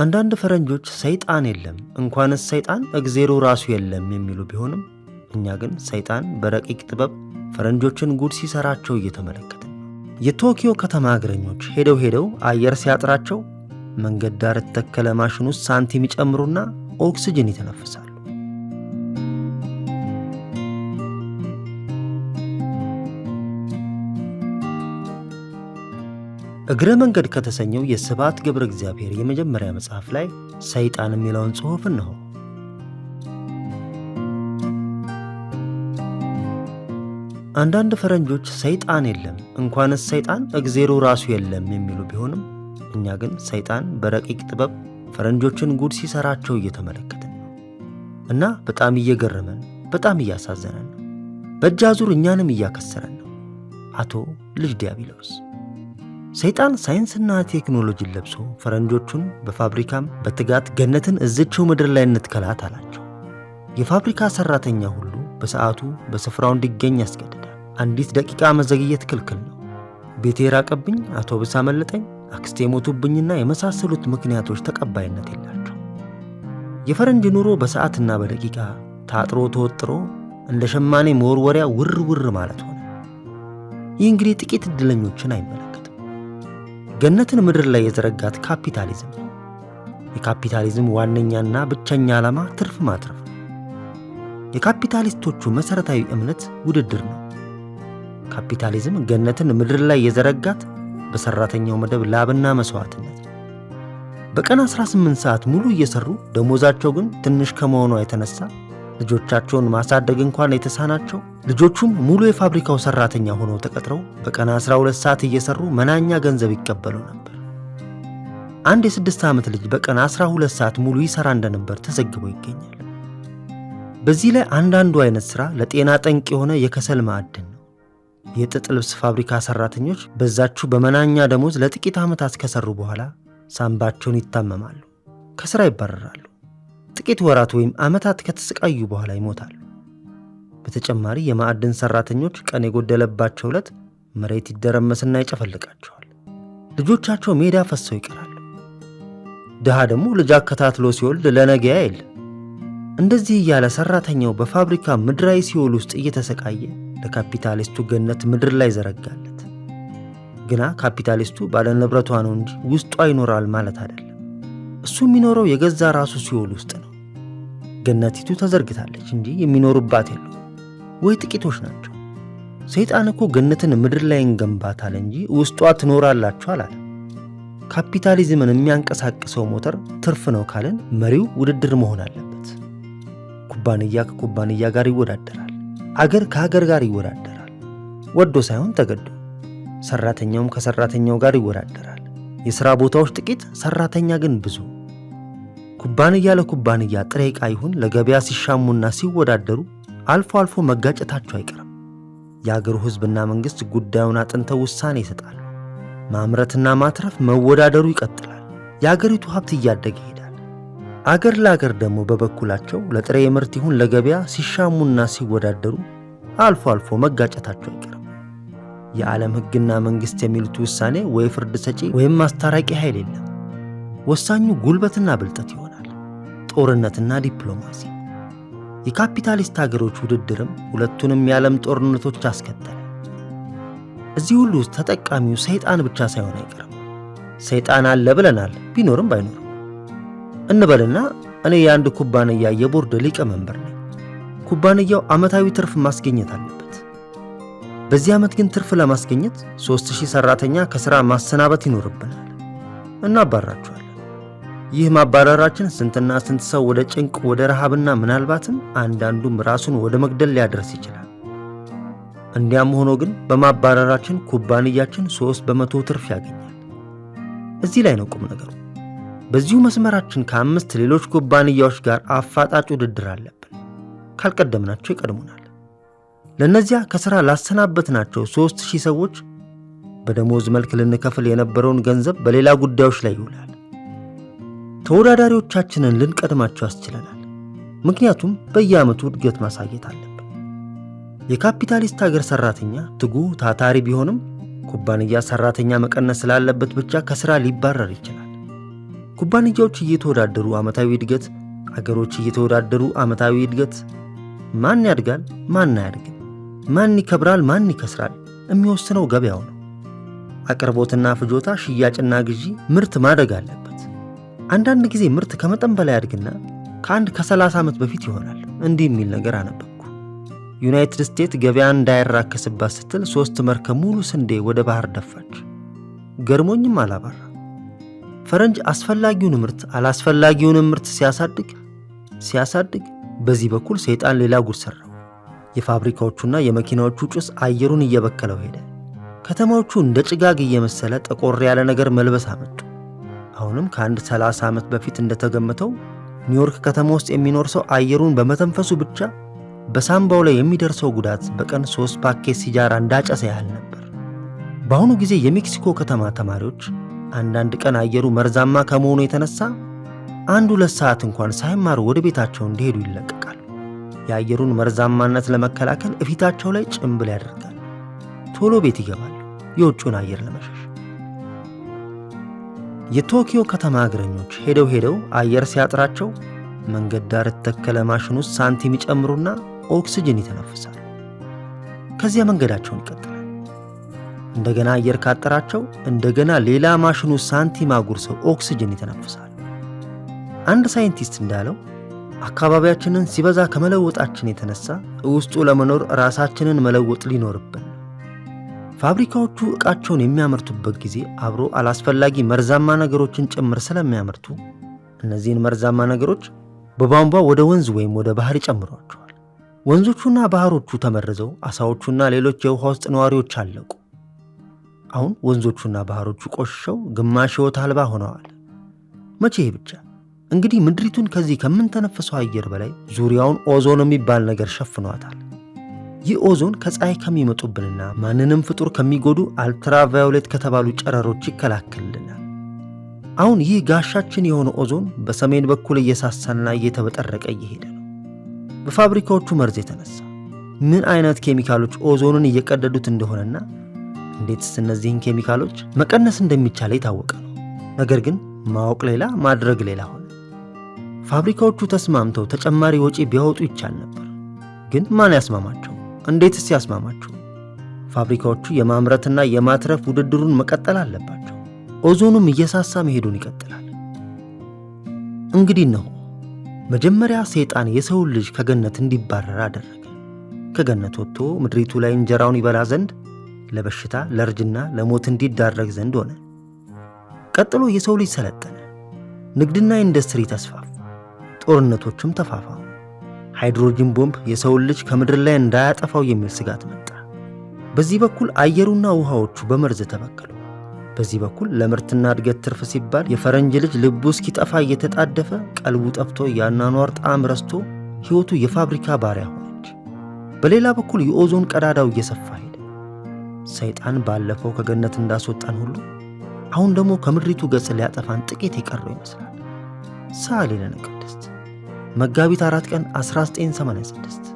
አንዳንድ ፈረንጆች ሰይጣን የለም እንኳንስ ሰይጣን እግዜሩ ራሱ የለም የሚሉ ቢሆንም እኛ ግን ሰይጣን በረቂቅ ጥበብ ፈረንጆችን ጉድ ሲሰራቸው እየተመለከተ የቶኪዮ ከተማ እግረኞች ሄደው ሄደው አየር ሲያጥራቸው መንገድ ዳር የተተከለ ማሽን ውስጥ ሳንቲም ይጨምሩና ኦክስጅን ይተነፍሳል። እግረ መንገድ ከተሰኘው የስብዓት ገብረ እግዚአብሔር የመጀመሪያ መጽሐፍ ላይ ሰይጣን የሚለውን ጽሑፍ እነሆ። አንዳንድ ፈረንጆች ሰይጣን የለም እንኳንስ ሰይጣን እግዜሩ ራሱ የለም የሚሉ ቢሆንም እኛ ግን ሰይጣን በረቂቅ ጥበብ ፈረንጆችን ጉድ ሲሰራቸው እየተመለከትን ነው እና በጣም እየገረመን በጣም እያሳዘነን ነው። በእጅ አዙር እኛንም እያከሰረን ነው። አቶ ልጅ ዲያብሎስ ሰይጣን ሳይንስና ቴክኖሎጂን ለብሶ ፈረንጆቹን በፋብሪካም በትጋት ገነትን እዝችው ምድር ላይ እንትከላት አላቸው። የፋብሪካ ሠራተኛ ሁሉ በሰዓቱ በስፍራው እንዲገኝ ያስገድዳል። አንዲት ደቂቃ መዘግየት ክልክል ነው። ቤቴ ራቀብኝ፣ አውቶብስ አመለጠኝ፣ አክስቴ ሞቱብኝና የመሳሰሉት ምክንያቶች ተቀባይነት የላቸው። የፈረንጅ ኑሮ በሰዓትና በደቂቃ ታጥሮ ተወጥሮ እንደ ሸማኔ መወርወሪያ ውር ውር ማለት ሆነ። ይህ እንግዲህ ጥቂት ዕድለኞችን አይመለ ገነትን ምድር ላይ የዘረጋት ካፒታሊዝም ነው። የካፒታሊዝም ዋነኛና ብቸኛ ዓላማ ትርፍ ማትረፍ ነው። የካፒታሊስቶቹ መሠረታዊ እምነት ውድድር ነው። ካፒታሊዝም ገነትን ምድር ላይ የዘረጋት በሠራተኛው መደብ ላብና መሥዋዕትነት ነው። በቀን 18 ሰዓት ሙሉ እየሠሩ ደሞዛቸው ግን ትንሽ ከመሆኗ የተነሳ ልጆቻቸውን ማሳደግ እንኳን የተሳናቸው ልጆቹም ሙሉ የፋብሪካው ሰራተኛ ሆነው ተቀጥረው በቀን 12 ሰዓት እየሰሩ መናኛ ገንዘብ ይቀበሉ ነበር። አንድ የስድስት ዓመት ልጅ በቀን 12 ሰዓት ሙሉ ይሰራ እንደነበር ተዘግቦ ይገኛል። በዚህ ላይ አንዳንዱ አይነት ሥራ ለጤና ጠንቅ የሆነ የከሰል ማዕድን ነው። የጥጥ ልብስ ፋብሪካ ሰራተኞች በዛችሁ በመናኛ ደሞዝ ለጥቂት ዓመታት ከሰሩ በኋላ ሳንባቸውን ይታመማሉ፣ ከሥራ ይባረራሉ። ጥቂት ወራት ወይም ዓመታት ከተሰቃዩ በኋላ ይሞታሉ። በተጨማሪ የማዕድን ሰራተኞች ቀን የጎደለባቸው ዕለት መሬት ይደረመስና ይጨፈልቃቸዋል። ልጆቻቸው ሜዳ ፈሰው ይቀራሉ። ድሃ ደግሞ ልጅ አከታትሎ ሲወልድ ለነገ የለ። እንደዚህ እያለ ሰራተኛው በፋብሪካ ምድራዊ ሲኦል ውስጥ እየተሰቃየ ለካፒታሊስቱ ገነት ምድር ላይ ዘረጋለት። ግና ካፒታሊስቱ ባለንብረቷ ነው እንጂ ውስጧ ይኖራል ማለት አይደለም። እሱ የሚኖረው የገዛ ራሱ ሲኦል ውስጥ ነው። ገነቲቱ ተዘርግታለች እንጂ የሚኖሩባት የሉ ወይ ጥቂቶች ናቸው። ሰይጣን እኮ ገነትን ምድር ላይ እንገንባታል እንጂ ውስጧ ትኖራላችሁ አላለ። ካፒታሊዝምን የሚያንቀሳቅሰው ሞተር ትርፍ ነው ካልን መሪው ውድድር መሆን አለበት። ኩባንያ ከኩባንያ ጋር ይወዳደራል። አገር ከሀገር ጋር ይወዳደራል፣ ወዶ ሳይሆን ተገዶ። ሰራተኛውም ከሰራተኛው ጋር ይወዳደራል። የሥራ ቦታዎች ጥቂት፣ ሠራተኛ ግን ብዙ። ኩባንያ ለኩባንያ ጥሬ ዕቃ ይሁን ለገበያ ሲሻሙና ሲወዳደሩ አልፎ አልፎ መጋጨታቸው አይቀርም። የአገሩ ሕዝብና መንግሥት ጉዳዩን አጥንተው ውሳኔ ይሰጣል። ማምረትና ማትረፍ መወዳደሩ ይቀጥላል። የአገሪቱ ሀብት እያደገ ይሄዳል። አገር ለአገር ደግሞ በበኩላቸው ለጥሬ ምርት ይሁን ለገበያ ሲሻሙና ሲወዳደሩ አልፎ አልፎ መጋጨታቸው አይቀርም። የዓለም ሕግና መንግሥት የሚሉት ውሳኔ ወይ ፍርድ ሰጪ ወይም ማስታራቂ ኃይል የለም። ወሳኙ ጉልበትና ብልጠት ይሆናል። ጦርነትና ዲፕሎማሲ። የካፒታሊስት አገሮች ውድድርም ሁለቱንም የዓለም ጦርነቶች አስከተለ። እዚህ ሁሉ ውስጥ ተጠቃሚው ሰይጣን ብቻ ሳይሆን አይቀርም። ሰይጣን አለ ብለናል፣ ቢኖርም ባይኖርም እንበልና እኔ የአንድ ኩባንያ የቦርድ ሊቀመንበር ነኝ። ኩባንያው ዓመታዊ ትርፍ ማስገኘት አለበት። በዚህ ዓመት ግን ትርፍ ለማስገኘት 3000 ሰራተኛ ከሥራ ማሰናበት ይኖርብናል። እናባራቸዋለን። ይህ ማባረራችን ስንትና ስንት ሰው ወደ ጭንቅ፣ ወደ ረሃብና ምናልባትም አንዳንዱም ራሱን ወደ መግደል ሊያደርስ ይችላል። እንዲያም ሆኖ ግን በማባረራችን ኩባንያችን 3 በመቶ ትርፍ ያገኛል። እዚህ ላይ ነው ቁም ነገሩ። በዚሁ መስመራችን ከአምስት ሌሎች ኩባንያዎች ጋር አፋጣጭ ውድድር አለብን። ካልቀደምናቸው ይቀድሙናል። ለእነዚያ ከሥራ ላሰናበትናቸው ሦስት ሺህ ሰዎች በደሞዝ መልክ ልንከፍል የነበረውን ገንዘብ በሌላ ጉዳዮች ላይ ይውላል። ተወዳዳሪዎቻችንን ልንቀድማቸው ያስችለናል። ምክንያቱም በየዓመቱ እድገት ማሳየት አለብን። የካፒታሊስት አገር ሠራተኛ ትጉህ፣ ታታሪ ቢሆንም ኩባንያ ሠራተኛ መቀነስ ስላለበት ብቻ ከሥራ ሊባረር ይችላል። ኩባንያዎች እየተወዳደሩ ዓመታዊ እድገት፣ አገሮች እየተወዳደሩ ዓመታዊ እድገት፣ ማን ያድጋል፣ ማን አያድግም? ማን ይከብራል፣ ማን ይከስራል የሚወስነው ገበያው ነው። አቅርቦትና ፍጆታ፣ ሽያጭና ግዢ፣ ምርት ማደግ አለበት። አንዳንድ ጊዜ ምርት ከመጠን በላይ አድግና ከአንድ ከ30 ዓመት በፊት ይሆናል። እንዲህ የሚል ነገር አነበብኩ። ዩናይትድ ስቴትስ ገበያ እንዳይራከስባት ስትል ሦስት መርከብ ሙሉ ስንዴ ወደ ባህር ደፋች። ገርሞኝም አላባራ። ፈረንጅ አስፈላጊውን ምርት አላስፈላጊውን ምርት ሲያሳድግ ሲያሳድግ በዚህ በኩል ሰይጣን ሌላ ጉድ ሠራ። የፋብሪካዎቹና የመኪናዎቹ ጭስ አየሩን እየበከለው ሄደ። ከተማዎቹ እንደ ጭጋግ እየመሰለ ጠቆር ያለ ነገር መልበስ አመጡ። አሁንም ከአንድ 30 ዓመት በፊት እንደተገመተው ኒውዮርክ ከተማ ውስጥ የሚኖር ሰው አየሩን በመተንፈሱ ብቻ በሳምባው ላይ የሚደርሰው ጉዳት በቀን ሶስት ፓኬት ሲጃራ እንዳጨሰ ያህል ነበር። በአሁኑ ጊዜ የሜክሲኮ ከተማ ተማሪዎች አንዳንድ ቀን አየሩ መርዛማ ከመሆኑ የተነሳ አንድ ሁለት ሰዓት እንኳን ሳይማሩ ወደ ቤታቸው እንዲሄዱ ይለቀ የአየሩን መርዛማነት ለመከላከል እፊታቸው ላይ ጭንብል ያደርጋል። ቶሎ ቤት ይገባል የውጩን አየር ለመሸሽ። የቶኪዮ ከተማ እግረኞች ሄደው ሄደው አየር ሲያጥራቸው መንገድ ዳር የተተከለ ማሽን ውስጥ ሳንቲም ይጨምሩና ኦክስጅን ይተነፍሳል። ከዚያ መንገዳቸውን ይቀጥላል። እንደገና አየር ካጠራቸው እንደገና ሌላ ማሽኑ ሳንቲም አጉርሰው ኦክስጅን ይተነፍሳል። አንድ ሳይንቲስት እንዳለው አካባቢያችንን ሲበዛ ከመለወጣችን የተነሳ ውስጡ ለመኖር ራሳችንን መለወጥ ሊኖርብን። ፋብሪካዎቹ ዕቃቸውን የሚያመርቱበት ጊዜ አብሮ አላስፈላጊ መርዛማ ነገሮችን ጭምር ስለሚያመርቱ እነዚህን መርዛማ ነገሮች በቧንቧ ወደ ወንዝ ወይም ወደ ባህር ይጨምሯቸዋል። ወንዞቹና ባህሮቹ ተመርዘው አሳዎቹና ሌሎች የውሃ ውስጥ ነዋሪዎች አለቁ። አሁን ወንዞቹና ባህሮቹ ቆሽሸው ግማሽ ሕይወት አልባ ሆነዋል። መቼ ብቻ እንግዲህ ምድሪቱን ከዚህ ከምንተነፍሰው አየር በላይ ዙሪያውን ኦዞን የሚባል ነገር ሸፍኗታል። ይህ ኦዞን ከፀሐይ ከሚመጡብንና ማንንም ፍጡር ከሚጎዱ አልትራቫዮሌት ከተባሉ ጨረሮች ይከላከልልናል። አሁን ይህ ጋሻችን የሆነ ኦዞን በሰሜን በኩል እየሳሳና እየተበጠረቀ እየሄደ ነው። በፋብሪካዎቹ መርዝ የተነሳ ምን አይነት ኬሚካሎች ኦዞንን እየቀደዱት እንደሆነና እንዴትስ እነዚህን ኬሚካሎች መቀነስ እንደሚቻል የታወቀ ነው። ነገር ግን ማወቅ ሌላ ማድረግ ሌላ ሆነ። ፋብሪካዎቹ ተስማምተው ተጨማሪ ወጪ ቢያወጡ ይቻል ነበር። ግን ማን ያስማማቸው? እንዴትስ ያስማማቸው? ፋብሪካዎቹ የማምረትና የማትረፍ ውድድሩን መቀጠል አለባቸው። ኦዞኑም እየሳሳ መሄዱን ይቀጥላል። እንግዲህ ነው መጀመሪያ ሰይጣን የሰውን ልጅ ከገነት እንዲባረር አደረገ። ከገነት ወጥቶ ምድሪቱ ላይ እንጀራውን ይበላ ዘንድ ለበሽታ ለእርጅና፣ ለሞት እንዲዳረግ ዘንድ ሆነ። ቀጥሎ የሰው ልጅ ሰለጠነ። ንግድና ኢንዱስትሪ ተስፋፋ። ጦርነቶችም ተፋፋሙ። ሃይድሮጂን ቦምብ የሰውን ልጅ ከምድር ላይ እንዳያጠፋው የሚል ስጋት መጣ። በዚህ በኩል አየሩና ውሃዎቹ በመርዝ ተበከሉ። በዚህ በኩል ለምርትና እድገት ትርፍ ሲባል የፈረንጅ ልጅ ልቡ እስኪጠፋ እየተጣደፈ ቀልቡ ጠፍቶ የአኗኗር ጣዕም ረስቶ ሕይወቱ የፋብሪካ ባሪያ ሆነች። በሌላ በኩል የኦዞን ቀዳዳው እየሰፋ ሄደ። ሰይጣን ባለፈው ከገነት እንዳስወጣን ሁሉ አሁን ደግሞ ከምድሪቱ ገጽ ሊያጠፋን ጥቂት የቀረው ይመስላል። ሳሌ ለነ ቅድስት መጋቢት 4 ቀን 1986